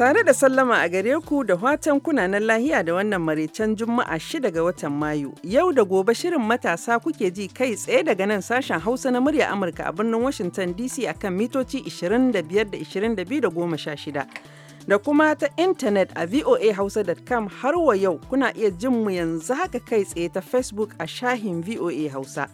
Tare da sallama a gare ku da watan kunanan lahiya da wannan maraicen Juma'a 6 ga watan Mayu. Yau da gobe shirin matasa kuke ji kai tsaye daga nan sashen Hausa na murya Amurka a birnin Washington DC akan mitoci 25 da 22 da 16. Da kuma ta intanet a voahausa.com har wa yau kuna iya jin mu yanzu haka kai tsaye ta Facebook a shahin VOA Hausa.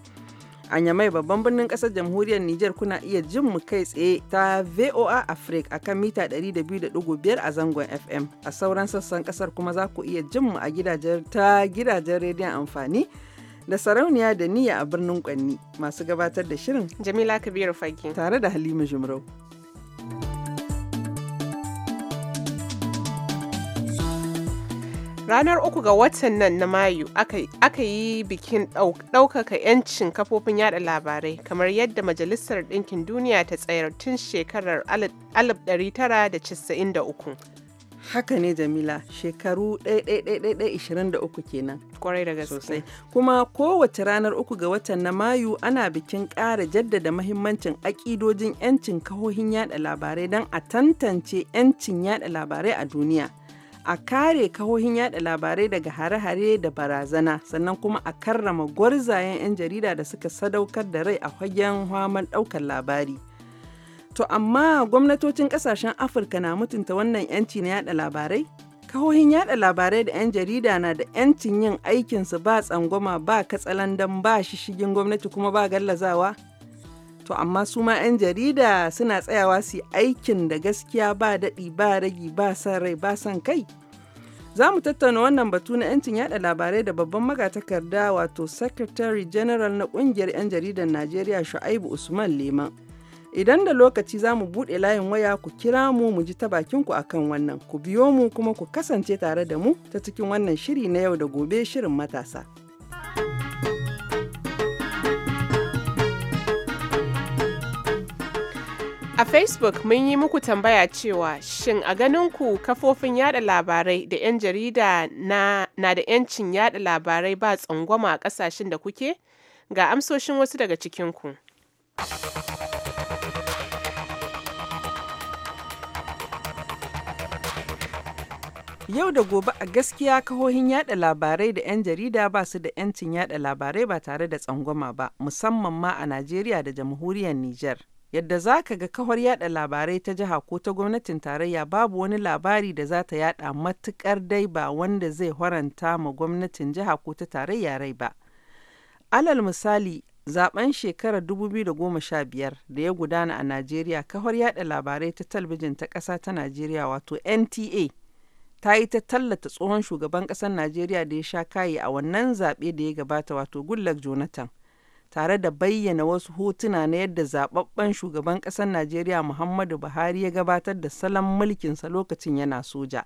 A Nyamai babban birnin ƙasar jamhuriyar Nijar kuna iya jin mu kai tsaye ta VOA Africa a kan mita 200.5 a zangon FM. A sauran sassan ƙasar kuma za ku iya jin mu a gidajen ta gidajen rediyon amfani da sarauniya da niyya a birnin Kwanni. Masu gabatar da shirin Jamila Kabiru Fage tare da Halima Jumrau. ranar uku ga watan nan na mayu aka yi bikin ɗaukaka 'yancin kafofin yada labarai kamar yadda majalisar ɗinkin duniya ta tsayar tun shekarar 1993 haka ne jamila shekaru 1123 kenan kwarai da sosai kuma kowace ranar uku ga watan na mayu ana bikin ƙara jaddada mahimmancin aƙidojin 'yancin kafofin yada labarai don a tantance 'yancin yada labarai a duniya a kare kahohin yada labarai daga hare-hare da barazana sannan kuma a karrama gwarzayen 'yan jarida da suka sadaukar da rai a fagen haman daukar labari to amma gwamnatocin kasashen afirka na mutunta wannan 'yanci na yada labarai kahohin yada labarai da 'yan jarida na da 'yancin yin aikinsu ba tsangwama ba katsalandan ba shishigin gwamnati kuma ba gallazawa To amma su ma 'yan jarida suna tsayawa su aikin da gaskiya ba daɗi ba ragi ba san rai ba san kai. Za mu tattauna wannan batu na 'yancin yada labarai da babban magatakarda wato Secretary General na ƙungiyar 'yan jaridar Najeriya Shu'aibu Usman Leman. Idan da lokaci za mu buɗe layin waya ku kira mu mu ji ta bakin ku akan wannan, ku biyo mu kuma ku kasance tare da mu ta cikin wannan shiri na yau da gobe shirin matasa. A Facebook mun yi muku tambaya cewa shin a ganin ku kafofin yada labarai da 'yan jarida na, da 'yancin yada labarai ba tsangwama a kasashen da kuke? Ga amsoshin wasu daga cikinku. Yau da gobe a gaskiya kahohin yada labarai da 'yan jarida ba su da 'yancin yada labarai ba tare da tsangwama ba, musamman ma a Najeriya da jamhuriyar Nijar. Yadda za ka ga kawar yada labarai ta jiha ko ta gwamnatin tarayya babu wani labari da za ta yada matukar dai ba wanda zai haranta ma gwamnatin jiha ko ta tarayya rai ba. Alal misali, zaben shekarar 2015 da ya gudana a Najeriya, kawar yada labarai ta talbijin ta ƙasa ta Najeriya wato NTA ta yi ta tallata tsohon shugaban ƙasar Najeriya da ya sha kayi a wannan zaɓe da ya gabata wato Goodluck Jonathan. tare da bayyana wasu hotuna na yadda zababben shugaban ƙasar Najeriya Muhammadu Buhari ya gabatar da salon mulkinsa lokacin yana soja.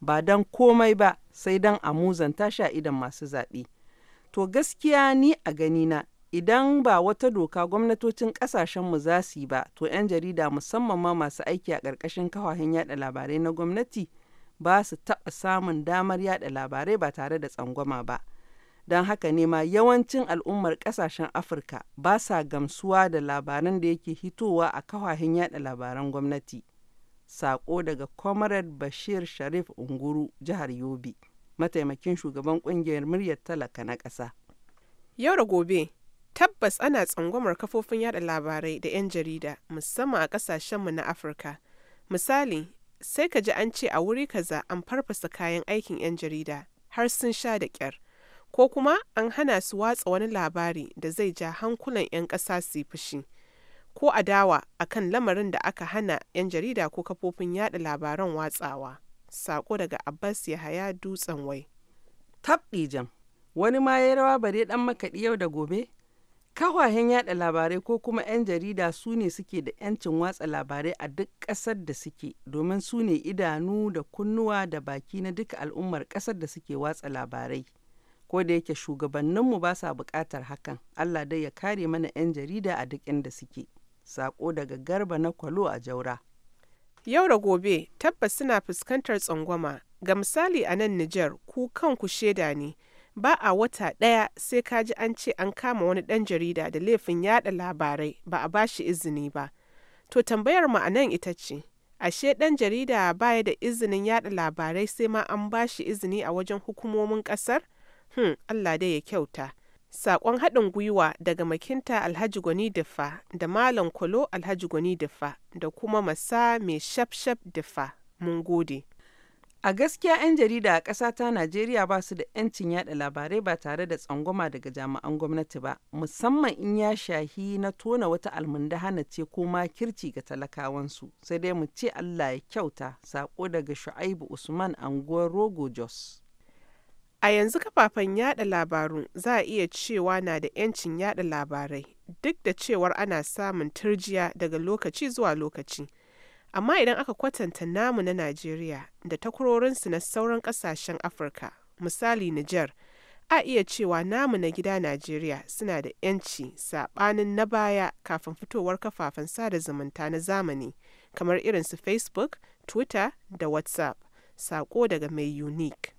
Ba don komai ba sai don a muzanta sha idan masu zaɓe. To gaskiya ni a gani na idan ba wata doka gwamnatocin ƙasashenmu za su yi ba, to 'yan jarida musamman ma masu aiki a ƙarƙashin kawahin yada labarai na gwamnati ba su taɓa samun damar yada labarai ba tare da tsangwama ba. don haka ne ma yawancin al'ummar kasashen afirka ba sa gamsuwa da labaran da yake hitowa a kawahin yada labaran gwamnati sako daga comrade bashir sharif unguru jihar yobe mataimakin shugaban kungiyar muryar talaka na ƙasa. yau da gobe tabbas ana tsangwamar kafofin yada labarai da 'yan jarida musamman a kasashenmu na afirka misali sai ka ji an ce a wuri kaza an farfasa kayan aikin 'yan jarida har sun sha da ƙyar ko kuma an hana su watsa wani labari da zai ja hankulan 'yan ƙasa su yi fushi ko adawa a kan lamarin da aka hana 'yan jarida ko kafofin yada labaran watsawa sako daga abbas yahaya dutsen wai tabɗi jam wani ma ya rawa bare dan makaɗi yau da gobe kawahen yada labarai ko kuma 'yan jarida su ne suke da 'yancin watsa labarai a duk ƙasar da suke domin su ne idanu da kunnuwa da baki na duka al'ummar ƙasar da suke watsa labarai ko da yake shugabanninmu ba sa buƙatar hakan allah dai ya kare mana 'yan jarida a duk inda suke sako daga garba na kwalo a jaura yau da gobe tabbas suna fuskantar tsangwama ga misali a nan nijar ku kanku shaida ne ba a wata ɗaya sai ka ji an ce an kama wani ɗan jarida da laifin yada labarai ba a bashi izini ba to tambayar mu a nan ita ce ashe ɗan jarida baya da izinin yada labarai sai ma an ba shi izini a wajen hukumomin ƙasar? Hmm, Allah dai ya kyauta. saƙon haɗin gwiwa daga makinta Alhaji Gwani Diffa da Malam Kwalo Alhaji Gwani Diffa da kuma Masa mai shafshaf Diffa. Mun gode. A gaskiya 'yan jarida a ƙasa ta Najeriya ba su da 'yancin yaɗa labarai ba tare da tsangwama daga jami'an gwamnati ba, musamman in ya shahi na tona wata almunda hana ce ko kirci ga talakawansu, sai dai mu ce Allah ya kyauta, saƙo daga Shu'aibu Usman anguwar Rogo Jos. A yanzu kafafen yaɗa labaru za a iya cewa na da 'yancin yaɗa labarai duk da cewar ana samun turjiya daga lokaci zuwa lokaci, amma idan aka kwatanta namu na Najeriya da takwarorinsu na sauran ƙasashen Afirka, misali Nijar, a iya cewa namu na gida Najeriya suna da 'yanci saɓanin na baya kafin fitowar kafafen sada zumunta na zamani kamar irinsu Facebook, Twitter da WhatsApp. Saƙo daga mai Unique.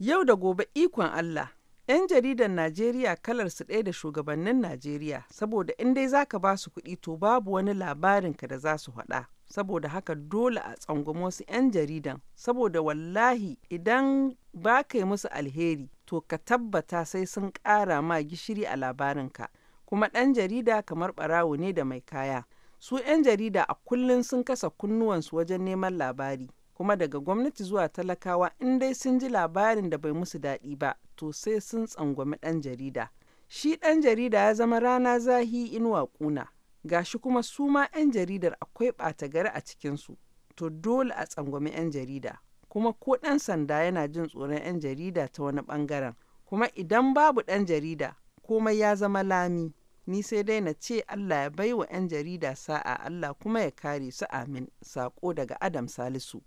Yau da gobe ikon Allah, 'yan jaridar Najeriya kalar su ɗaya da shugabannin Najeriya, saboda in dai za ka ba su kuɗi to babu wani labarin ka da za su haɗa. Saboda haka dole a tsangwama wasu 'yan jaridan, saboda wallahi idan ba ka yi musu alheri to ka tabbata sai sun ƙara ma gishiri a labarin ka, Kuma ɗan jarida kamar ɓarawo ne da mai kaya. Su 'yan jarida a kullum sun kasa kunnuwansu wajen neman labari. kuma daga gwamnati zuwa talakawa in dai sun ji labarin da bai musu daɗi ba to sai sun tsangwami ɗan jarida shi ɗan jarida ya zama rana zahi inuwa ƙuna gashi kuma su ma 'yan jaridar akwai ɓata gari a cikinsu to dole a tsangwami 'yan jarida kuma ko ɗan sanda yana jin tsoron 'yan jarida ta wani ɓangaren kuma idan babu ɗan jarida komai ya zama lami ni sai dai na ce Allah ya bai wa 'yan jarida sa'a Allah kuma ya kare su amin sako daga Adam Salisu.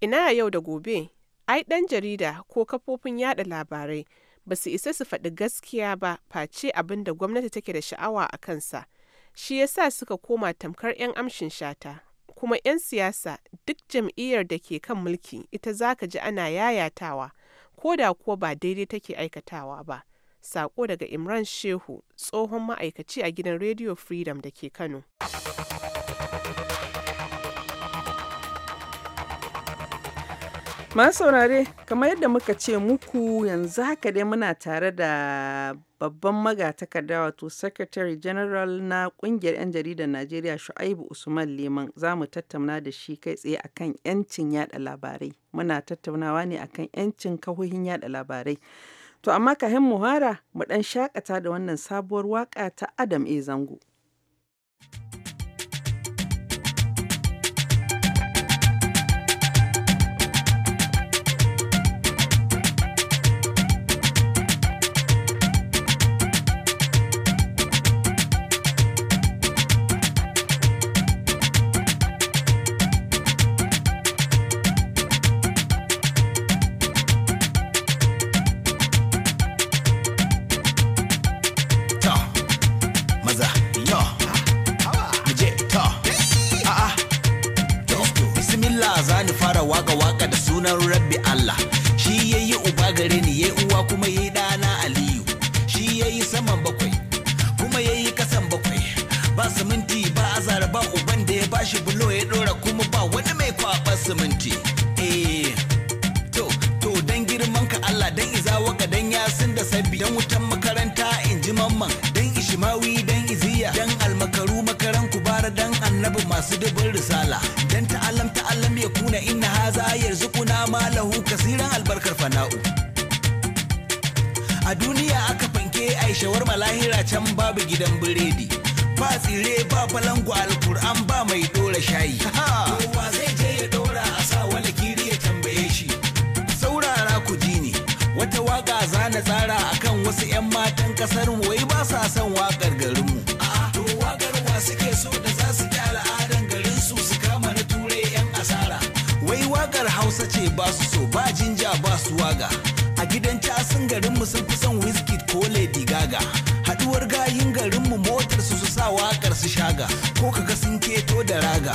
Ina yau da gobe, ai ɗan jarida ko kafofin yada labarai ba su isa su faɗi gaskiya ba face abin da gwamnati take da sha'awa a kansa, shi ya sa suka koma tamkar 'yan amshin shata. Kuma 'yan siyasa duk jam'iyyar da ke kan mulki ita za ka ji ana yayatawa, ko da kuwa ba daidai take aikatawa ba. Sako daga Imran Shehu, tsohon ma'aikaci a gidan Radio Freedom da ke Kano. Masu saurare, kamar yadda muka ce muku yanzu haka dai muna tare da babban magatakarda wato Secretary General na kungiyar 'yan jaridar Najeriya Shu'aibu Usman Liman za mu tattauna da shi kai tsaye akan 'yancin yada labarai. Muna tattaunawa ne akan 'yancin kahohin yada labarai. To amma kahin muhara mu dan shakata da wannan sabuwar waka ta Adam E. Zango. lam yakuna inna haza yarzuquna ma lahu kasiran albarkar fana'u a duniya aka fanke aishawar shawar malahira can babu gidan biredi ba tsire ba falangu alkur'an ba mai dora shayi kowa zai je ya dora a sa wani kiri ya tambaye shi saurara ku ji ne wata waka zana tsara akan wasu 'yan matan kasar wai ba sa son wakar garinmu to wakar wa suke so da hausa ce ba su so ba jinja ba su waga a gidan casin mu sun fi son whisky ko lady gaga haduwar gayin garinmu motar su su sa wakar su shaga ko kaga sun keto da raga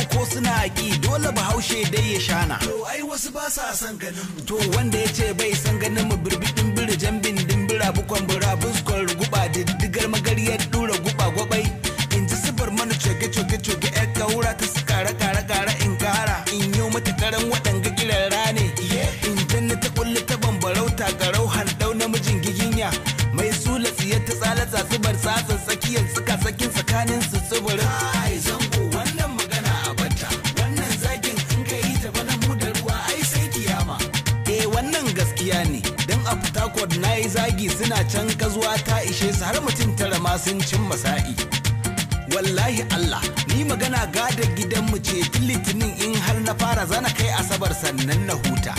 so ko suna ki dole bahaushe dai ya shana to ai wasu ba sa san ganin to wanda ya ce bai san ganin mu birbidin birjan bindin bira bukon bira buskon guba diddigar magariyar dura guba gwabai in ji sifar mana coke coke coke yar kaura ta su kara kara kara in kara in yi mata karan waɗanga kiran ne in janna ta kulle ta bambarau ta garau handau namijin giginya mai sulasi ya ta tsala bar tsatsa can gazuwa ta ishe su har mutum tara ma sun cin masa'i wallahi Allah ni magana gada gidanmu ce litinin in har na fara zana kai asabar sannan na huta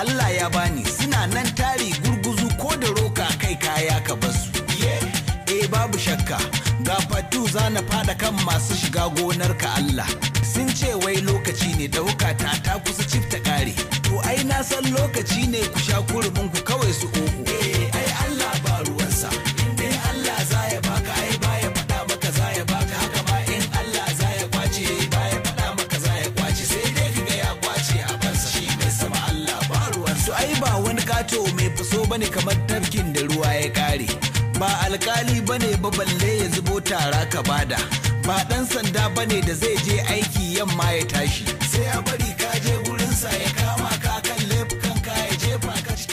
Allah ya bani suna nan tari gurguzu ko da roka kai kaya ka basu eh, eh babu shakka ga fatu zana fada kan masu shiga gonar ka Allah sun ce wai lokaci ne da hukata ta kusa cifta kare to ai na san lokaci ne ku sha kurumin ku kawai su oho faso bane kamar tafkin da ruwa ya kare ba alkali bane ba balle ya zubo tara ka bada ba dan sanda bane da zai je aiki yamma ya tashi sai a bari ka je gurinsa ya kama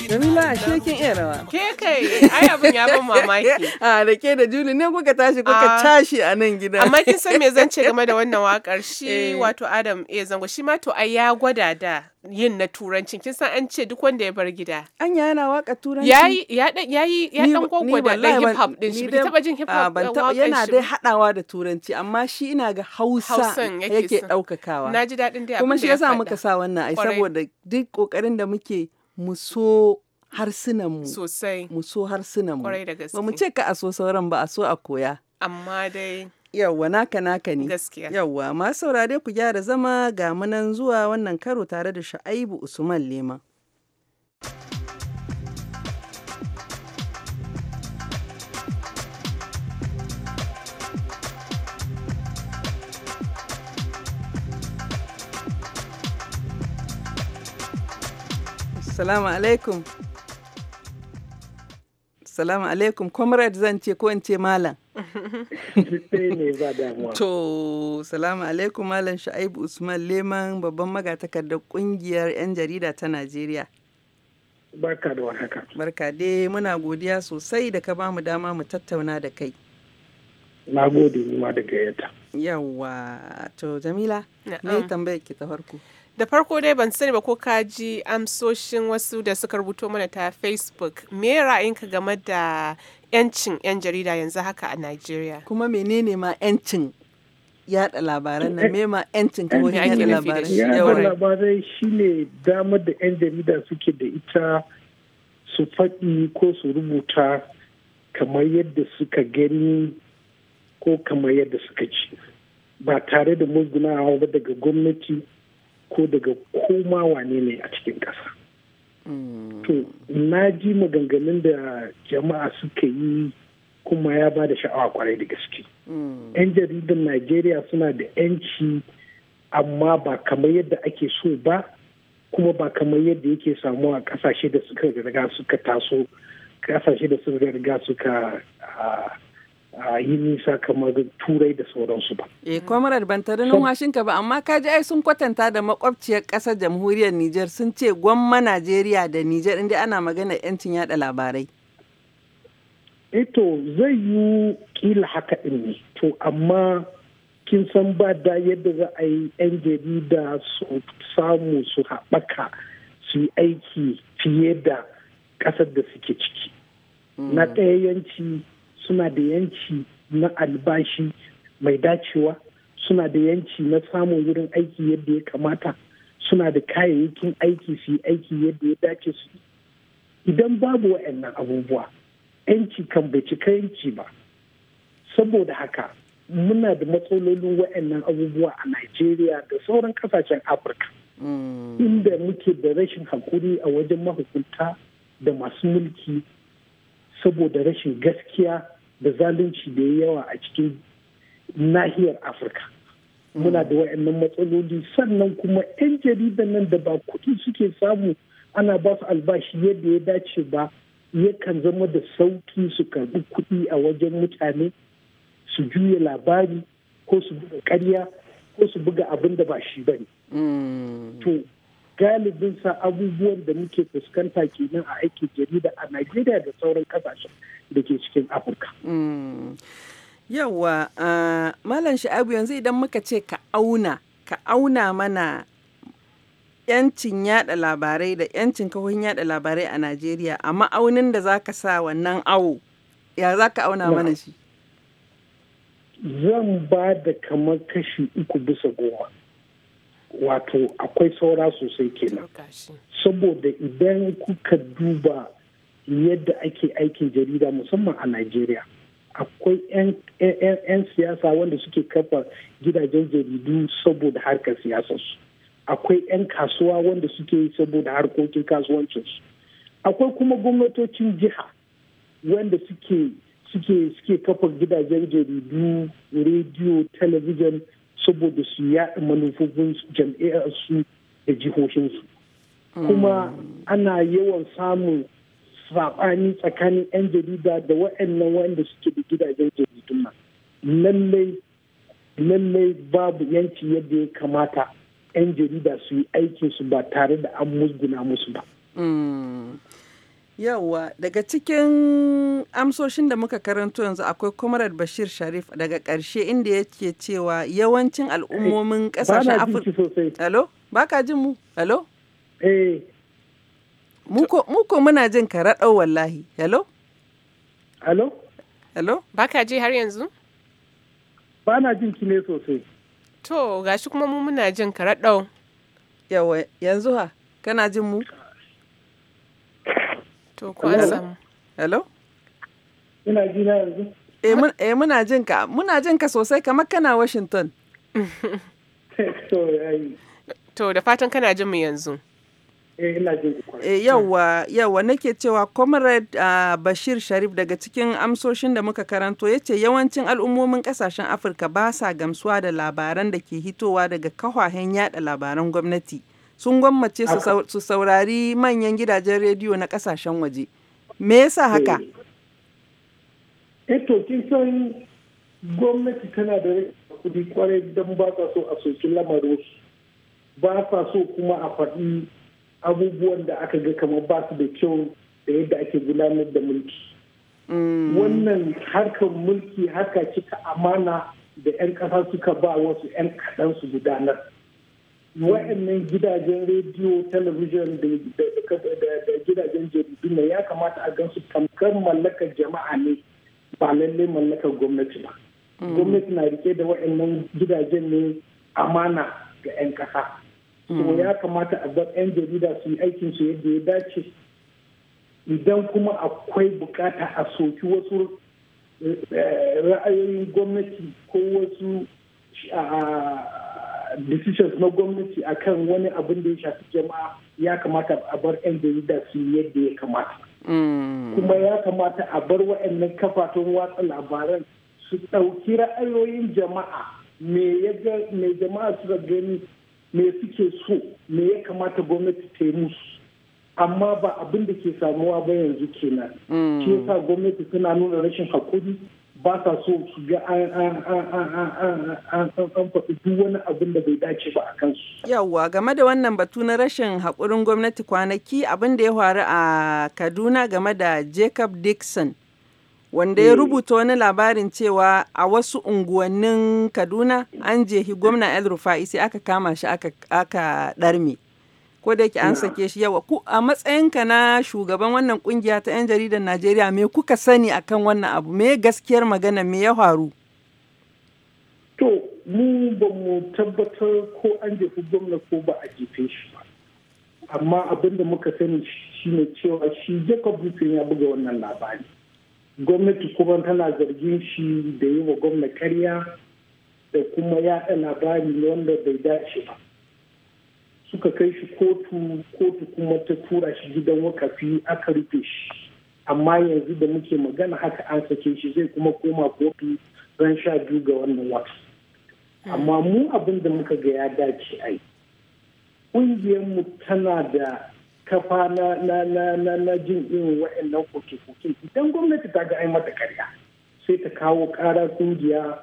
Jamila ashe kin iya rawa. Ke kai ai abin ya ban mamaki. A da ke da Juli ne kuka tashi kuka ah. tashi a nan gida. Amma kin san me zan ce game da wannan wakar shi eh. wato Adam eh zango shi ma to ai ya gwada da yin na turancin kin san an ce duk wanda ya bar gida an ya yana waka turanci yayi ya dan yayi ya dan gwagwada dan hip hop din shi bai taba jin hip hop ban taba yana dai hadawa da turanci amma shi ina ga Hausa yake daukakawa naji dadin dai kuma shi yasa muka sa wannan ai saboda duk kokarin da muke mu so harsunanmu sosai mu so harsunanmu ba mu ce ka a so sauran ba a so a koya amma dai yawwa naka naka ne gaskiya yawwa ma saurare ku gyara zama ga munan zuwa wannan karo tare da sha'aibu usman lema Salamu alaikum. Salamu alaikum. Comrade zan ce ko in ce malam. to, salamu alaikum malam Sha'ibu Usman Leman babban magatakarda kungiyar 'yan jarida ta Najeriya. Barka da warhaka. Barka dai muna godiya sosai da ka bamu dama mu tattauna da kai. Na gode ma da gayyata. Yawwa, to Jamila, me tambayar ki ta farko? Da farko dai ban sani ba ko ka ji amsoshin wasu da suka rubuto mana ta Facebook. Me ra'ayinka game da 'yancin 'yan jarida yanzu haka a Najeriya? Kuma menene ma 'yancin yada labaran nan me ma 'yancin ko yada labaran? Yada labarai shine damar da 'yan jarida suke da ita su faɗi ko su rubuta kamar yadda suka gani ko kamar yadda suka ci ba tare da mugunawa ba daga gwamnati ko daga koma wane ne a cikin ƙasa. Mm. To, na ji maganganun da jama'a suka yi kuma ya ba da sha'awa kwarai da gaske. Mm. 'Yan jaridan Najeriya suna da 'yanci amma ba kamar yadda ake so ba kuma ba kamar yadda yake samuwa a kasashe da suka riga suka taso kasashe da suka riga suka ah, a yi nisa kamar turai da sauransu ba. Eh, e, kwamarar ban tare numfashin ka ba amma kaji ai sun kwatanta da makwabciyar ƙasar jamhuriyar Nijar sun ce gwamma Najeriya da Nijar inda ana magana yancin yada labarai. Eto eh zai yi kila haka ɗin ne to amma kin san ba da yadda za a yi 'yan jarida su samu su haɓaka su yi aiki fiye da ƙasar da suke ciki. Na mm. ɗaya yanci suna da yanci na albashi mai dacewa suna da yanci na samun wurin aiki yadda ya kamata suna da kayayyakin aiki su yi aiki yadda ya dace su idan babu wa'annan abubuwa yanci kan bai cika yanci ba saboda haka muna da matsalolin wa'annan abubuwa a najeriya da sauran kasashen afirka mm. inda muke da rashin hakuri a wajen mahukunta da masu mulki saboda rashin gaskiya da zalunci da ya yawa a cikin nahiyar afirka muna da wa'annan matsaloli sannan kuma 'yan jaridan nan da ba kuɗi suke samu ana ba su albashi yadda ya dace ba yakan zama da sauki su karɓi kuɗi a wajen mutane su juya labari ko su buga karya ko su buga abin da ba shi bane mm. to galibin sa abubuwan da muke fuskanta kenan a aikin jarida a Najeriya da sauran kasashen da ke cikin Afirka. Mm. Yawwa, Malam Sha'abu yanzu idan muka ce ka auna, ka auna mana yancin yada labarai da yancin kawon yada labarai a Najeriya a ma'aunin da za ka sa wannan awo, ya za auna mana shi? Zan ba da kamar kashi uku bisa goma. wato akwai saura sosai kenan oh, saboda idan kuka duba yadda ake aikin jarida musamman a Najeriya akwai 'yan siyasa wanda suke kafa gidajen jaridu saboda harkar siyasarsu akwai 'yan kasuwa wanda suke yi saboda harkokin kasuwancinsu akwai kuma gwamnatocin jiha wanda suke suke kafa gidajen jaridu rediyo talabijin saboda su yaɗa manufofin su da jihohinsu kuma ana yawan samun saɓani tsakanin 'yan jarida da waɗannan wanda suke da gidajen jaridun nan lallai lallai babu yanci yadda ya kamata 'yan jarida su yi aikinsu ba tare da an musguna musu ba mm. Yawwa daga cikin amsoshin da muka karanto yanzu akwai Comrade Bashir Sharif daga ƙarshe inda yake cewa yawancin al'ummomin eh, ƙasashen Afirka. Alo? Baka jin mu? Alo? Eh. Muko muna jin ka raɗau wallahi. Hello? Hello? Hello? Baka ji har yanzu? Ba na jin ki ne sosai. To, gashi kuma mu muna jin ka raɗau. yanzu ha, kana jin mu? To ko samu. Hello? Ina ji yanzu. Eh, eh muna jin ka, muna jin ka sosai kamar kana Washington. To da fatan kana jin mu yanzu. Eh, eh, yawwa, yawwa nake cewa Comrade ah, Bashir Sharif daga cikin amsoshin da muka karanto ya ce yawancin al'ummomin kasashen Afirka ba sa gamsuwa da labaran da ke hitowa daga kawahen yada labaran gwamnati. sun gwammace su saurari manyan gidajen rediyo na kasashen waje me yasa haka eto eh, eh, kin san gwamnati tana da kudi kwarai don ba ta so a soki lamarin ba sa so kuma a faɗi abubuwan da aka ga kamar ba su da kyau da yadda ake gudanar da mulki mm. wannan harkar mulki haka cika amana da 'yan ƙasa suka ba wasu 'yan kaɗan su gudanar wa'annan gidajen rediyo talabijin da gidajen jaridu ne ya kamata a gansu tamkar mallakar jama'a ne ba lalle mallakar gwamnati ba mm. gwamnati na rike da wa'annan gidajen ne amana ga 'yan kasa. so mm. ya kamata a bar 'yan jarida su yi aikin su yadda ya dace idan kuma akwai bukata a soki wasu eh, eh, ra'ayoyin gwamnati ko wasu decisions na gwamnati akan wani abin da ya shafi jama'a ya kamata a bar 'yan jarida su yadda ya kamata mm. kuma ya kamata a bar waɗannan kafafen watsa labaran su ɗauki ra'ayoyin jama'a me jama'a suka gani me suke so me ya kamata gwamnati ta yi musu amma ba abin da ke samuwa ba yanzu kenan ke mm. sa gwamnati suna nuna rashin hakuri ba sa so su ga an faɗi duk wani abin da bai dace ba a kansu. Yawwa game da wannan batu na rashin haƙurin gwamnati kwanaki abin da ya faru a Kaduna game da Jacob Dixon. Wanda ya mm. rubuta wani labarin cewa a wasu unguwannin Kaduna an jehi gwamna El Rufa'i sai aka kama shi aka ɗarme. ko da yake an sake shi yawa ku a matsayinka na shugaban wannan kungiya ta 'yan jaridar Najeriya me kuka sani akan wannan abu me gaskiyar magana me ya faru to mu ba mu tabbatar ko an jefi gwamna ko ba a jefe shi ba amma abin da muka sani shi ne cewa shi Jacob busin ya buga wannan labari gwamnati kuma tana zargin shi da yi wa gwamna karya da kuma yaɗa labari wanda bai dace ba suka kai shi kotu kotu kuma ta tura shi gidan wakafi aka rufe shi amma yanzu da muke magana haka an sake shi zai kuma koma kotu ran sha biyu ga wannan wata amma mu abin da muka ga ya dace a yi ƙungiyarmu tana da kafa na na na na na jin irin wa'annan koke-koke idan gwamnati ta ga ai mata karya sai ta kawo ƙara ƙungiya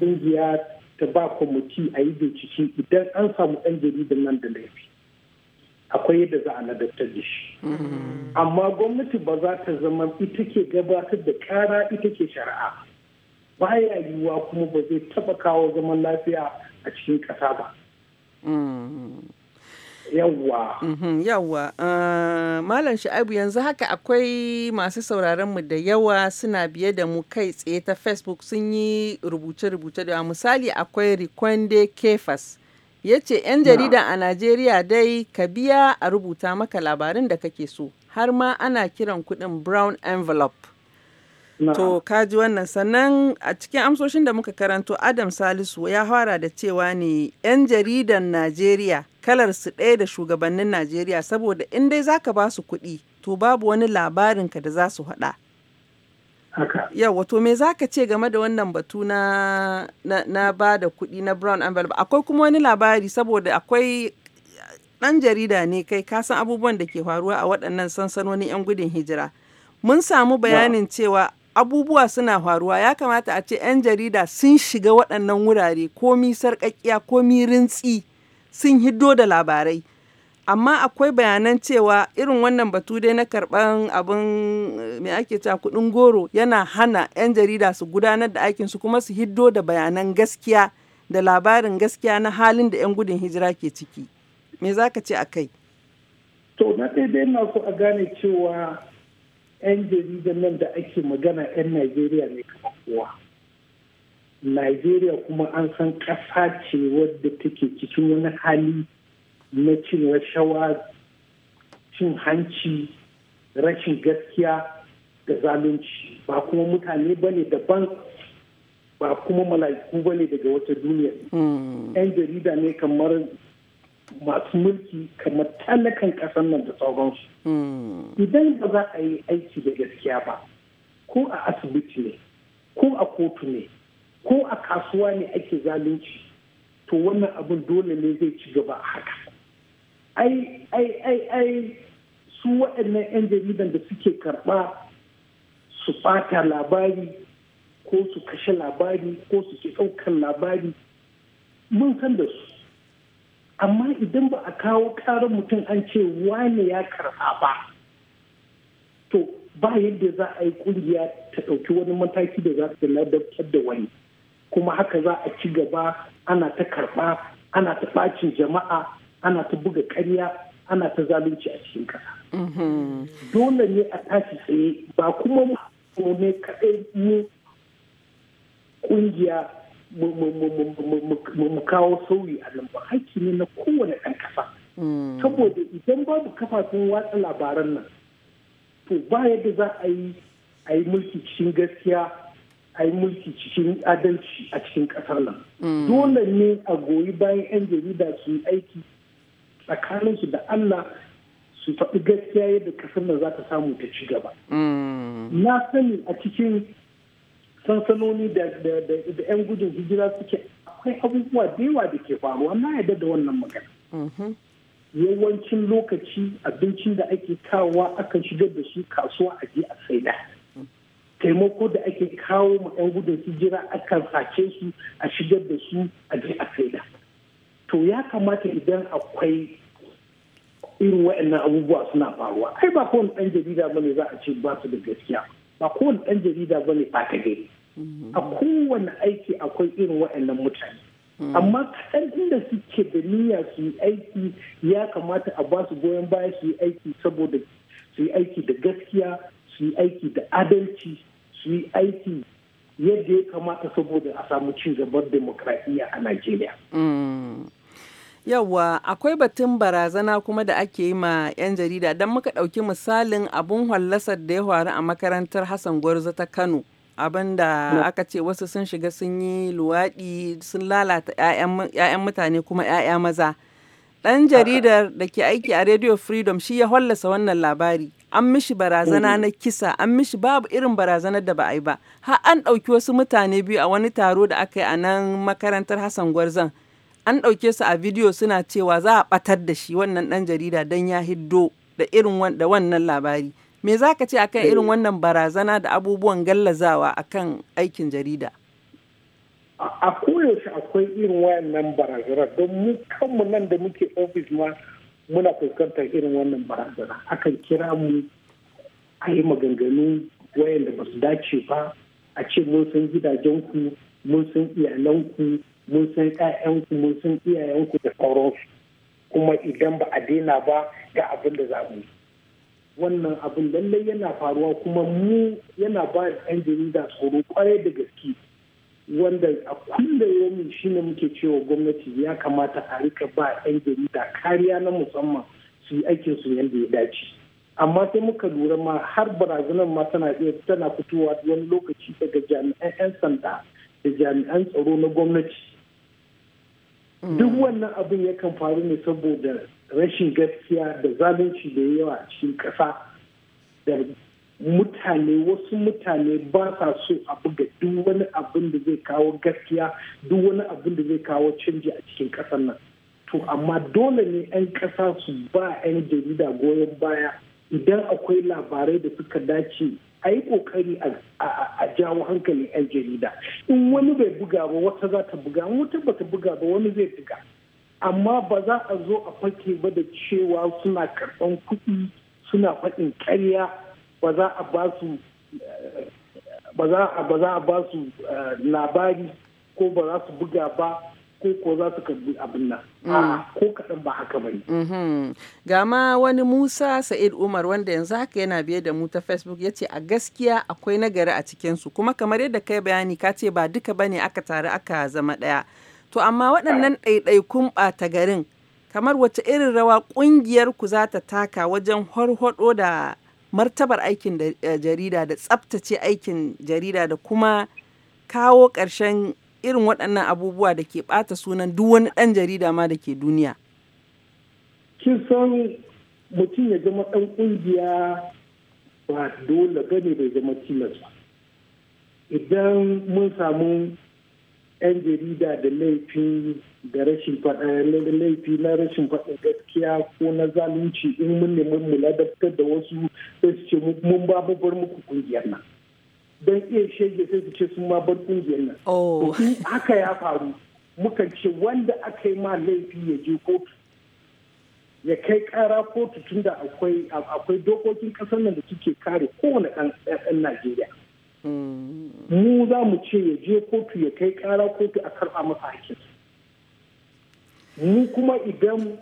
ƙungiya ta ba kwamiti a yi bincike idan an samu ɗan jaridan nan da laifi akwai yadda za a ladabtar da shi mm-hmm. amma gwamnati ba za ta zama ita ke gabatar da kara ita ke shari'a baya yiwuwa kuma ba zai taba kawo zaman lafiya a cikin ƙasa ba mm-hmm. yawwa mhm, yawwa ah, malam sha'abu yanzu haka akwai masu sauraron mu da yawa suna biye da mu kai tsaye ta facebook sun yi rubuce-rubuce da misali akwai rikwande kefas ya ce 'yan jarida a najeriya dai ka biya a rubuta maka labarin da kake so har ma ana kiran kudin brown envelope To kaji wannan sannan a cikin amsoshin da muka karanto Adam Salisu ya fara da cewa ne 'yan jaridan Najeriya kalar su ɗaya da shugabannin Najeriya saboda in dai zaka ba su kuɗi to babu wani labarin ka da za su haɗa. Yawa to me za ka ce game da wannan batu na, ba da kuɗi na Brown Envelope akwai kuma wani labari saboda akwai ɗan jarida ne kai kasan abubuwan da ke faruwa a waɗannan sansanonin 'yan gudun hijira. Mun samu bayanin cewa abubuwa suna faruwa ya kamata a ce 'yan jarida sun shiga waɗannan wurare komi sarƙaƙiya komi rintsi sun hiddo da labarai amma akwai bayanan cewa irin wannan batu dai na karɓan abin eh, mai ake cewa kuɗin goro yana hana 'yan jarida su gudanar da aikinsu kuma su hiddo da bayanan gaskiya da labarin gaskiya na halin da 'yan gudun hijira ke ciki me za ka ce a kai to na dai na so a gane cewa 'yan jaridan nan da ake magana 'yan najeriya ne kama kowa najeriya kuma an san ƙasa ce wadda take cikin wani hali na cin rashawa cin hanci rashin gaskiya da zalunci ba kuma mutane ba ne daban ba kuma mala'iku ba ne daga wata duniya hmm. 'yan jarida ne kamar masu mulki kamar talakan kasan nan da sauransu. Hmm. Idan ba za a yi aiki da gaskiya ba, ko a asibiti ne, ko a kotu ne, ko a kasuwa ne ake zalunci, to wannan abin dole ne zai ci gaba a haka. Ai, ai, ai, su waɗannan 'yan jaridan da suke karɓa su ɓata labari ko su kashe labari ko su ke ɗaukar labari mun san da su. amma idan ba a kawo ƙarar mutum an ce wane ya karɓa ba to ba yadda za a yi ƙungiya ta ɗauki wani mataki da za su ladabtar da wani kuma haka za a ci gaba ana ta karɓa ana ta ɓacin jama'a ana ta buga ƙarya ana ta zalunci a cikin kasa mm-hmm. dole ne a tashi tsaye ba kuma ne kaɗai mu ƙungiya mu kawo sauyi a nan ba ne na kowane ɗan ƙasa hmm. saboda idan babu kafafen watsa labaran nan to ba yadda za a yi a yi mulki cikin gaskiya a yi mulki cikin adalci a cikin ƙasar nan hmm. dole ne a goyi bayan 'yan jarida su yi aiki tsakaninsu da allah su faɗi gaskiya yadda ƙasar nan za ta samu ta ci gaba hmm. na sani a cikin sansanoni da 'yan gudun hijira suke akwai abubuwa da yawa da ke faruwa na yarda da wannan magana mhm. yawancin lokaci abincin da ake kawowa akan shigar da shi kasuwa a je a saida taimako da ake kawo ma 'yan gudun hijira akan sace su a shigar da su a je a saida to ya kamata idan akwai irin waɗannan abubuwa suna faruwa ai ba kowane ɗan jarida bane za a ce ba su da gaskiya ba kowane ɗan jarida bane ba ta gari Mhm. a kowane aiki akwai irin waɗannan mutane hmm. amma kaɗan inda suke da niyya su yi aiki ya kamata a ba su goyon baya su yi aiki saboda su yi aiki da gaskiya su yi aiki da adalci su yi aiki yadda ya kamata saboda a samu ci gaban demokradiyya a Najeriya. Hmm. Yawwa akwai batun barazana kuma da ake yi ma 'yan jarida don muka ɗauki misalin abun hallasar da ya faru a makarantar Hassan Gwarzo ta Kano. abinda da aka ce wasu sun shiga sun yi luwaɗi sun lalata 'ya'yan mutane kuma 'ya'ya maza ɗan jaridar da ke aiki a radio freedom shi ya hollasa wannan labari an mishi barazana mm-hmm. na kisa an mishi babu irin barazanar da ba a yi ba ha an ɗauki wasu mutane biyu a wani taro da aka yi a nan makarantar hassan gwarzon an ɗauke su a bidiyo suna cewa za a ɓatar da shi wannan ɗan jarida don ya hiddo da irin da wannan labari Me za ka ce akan irin eh. wannan barazana da abubuwan gallazawa akan aikin jarida? A koyaushe akwai irin wayannan barazana don mu kanmu nan da muke ofis ma muna fuskantar irin wannan barazana. Akan kira mu a yi maganganu wayanda ba su dace ba a ce mun san gidajenku, mun san iyalanku, mun san 'ya'yanku, mun san iyayenku da sauransu. Kuma idan ba a daina ba ga abin da za mu yi. wannan abin lallai yana faruwa kuma mu yana ba da 'yan jarida tsoro kwarai da gaske wanda a kulle yomi shine muke cewa gwamnati ya kamata a rika ba 'yan jarida kariya na musamman su yi aikin su yadda ya dace amma sai muka lura ma har barazanar ma tana iya tana fitowa wani lokaci daga jami'an 'yan sanda da jami'an tsaro na gwamnati duk mm. wannan abin yakan faru ne saboda rashin gaskiya da zalunci da yawa a cikin ƙasa da mutane wasu mutane ba sa so a buga duk wani abin da zai kawo gaskiya duk wani abin da zai kawo canji a cikin ƙasar nan to amma dole ne 'yan ƙasa su ba 'yan jarida goyon baya idan akwai labarai da suka dace a yi kokari a jawo hankalin 'yan jarida in wani bai buga ba wata za ta buga wata ba ta buga ba wani zai buga amma ba za a zo a fake ba da cewa suna karɓan kuɗi suna faɗin ƙarya ba za a ba su eh, labari ko ba za su buga ba ko ko za su karɓi abin nan mm. ko kaɗan ba haka bane. Mm-hmm. ga ma wani musa sa'id umar wanda yanzu haka yana biye da mu ta facebook ya ce a gaskiya akwai nagari a cikinsu kuma kamar yadda kai bayani ka ce ba duka ba ne aka taru aka zama ɗaya To amma waɗannan ɗaiɗaikun ɓata garin kamar wacce irin rawa ƙungiyar ku za ta taka wajen horhoɗo da martabar aikin eh, jarida da tsaftace aikin jarida da kuma kawo ƙarshen irin waɗannan abubuwa da ke ɓata sunan duk wani ɗan jarida ma da ke duniya? Kin san mutum ya zama ɗan ƙungiya ba dole gane bai zama tilas Idan mun samu 'yan jarida da laifi da rashin laifi na rashin faɗin gaskiya ko na zalunci in mun nemi mu ladabtar da wasu sai su ce mun ba bar muku kungiyar nan don iya shege sai su ce sun ma bar kungiyar nan oh. haka ya faru muka ce wanda aka yi ma laifi ya je kotu ya kai kara kotu tunda akwai dokokin kasar nan da suke kare kowane ɗan Najeriya mu za mu ce ya je kotu ya kai kara kotu a karɓa masa hakkin mu kuma idan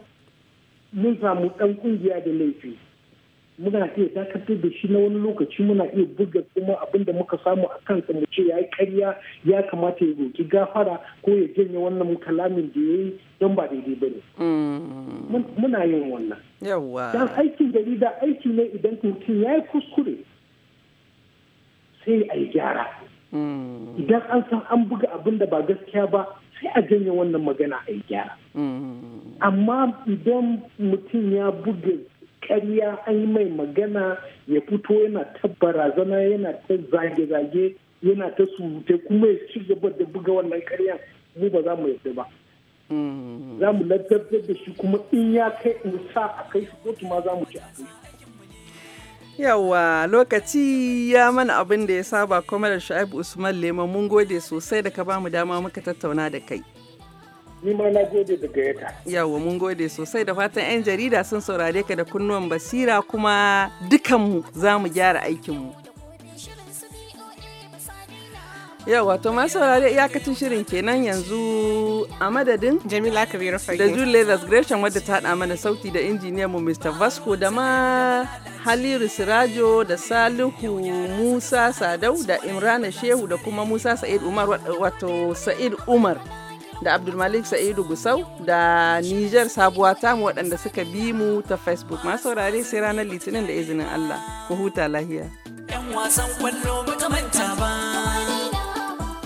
mun samu ɗan ƙungiya da laifi muna iya dakatar da shi na wani lokaci muna iya buga kuma abin da muka samu a kansa mu ce ya yi karya ya kamata ya roki gafara ko ya janye wannan kalamin da ya yi don ba daidai ba ne. Mm. Muna yin wannan. Yawwa. Dan aikin jarida aiki ne idan mutum ya yi kuskure. sai a yi gyara idan an san an buga abin da ba gaskiya ba sai a janye wannan magana a yi gyara amma idan mutum ya buga karya an yi mai magana ya fito yana ta barazana yana ta zage-zage yana ta surute kuma ya ci gaba da buga wannan karya mu ba za mu yarda ba za mu lantarki da shi kuma in ya kai in sa a kai shi kotu ma za mu ci a kai Yawa lokaci ya mana abin da ya saba kuma da Shu'aibu Usman Lema mun gode sosai da ka bamu dama muka tattauna da kai. ni ma na gode da gayyata. Yawwa mun gode sosai da fatan 'yan jarida sun saurare ka da kunnuwan basira kuma dukanmu za mu gyara aikinmu. Yau wato masu saurari iyakacin shirin kenan yanzu a madadin Jamila Kabiru Fage da Julie Leathers Gresham wadda ta hada mana sauti da injiniyan mu Mr. Vasco da ma Haliru Sirajo da Salihu Musa Sadau da Imrana Shehu da kuma Musa Sa'id Umar wato Sa'id Umar da Abdulmalik Sa'idu Gusau da Niger Sabuwa tamu waɗanda suka bi mu ta Facebook masu saurari sai ranar Litinin da izinin Allah ku huta lahiya. 'Yan wasan kwallo ba ba.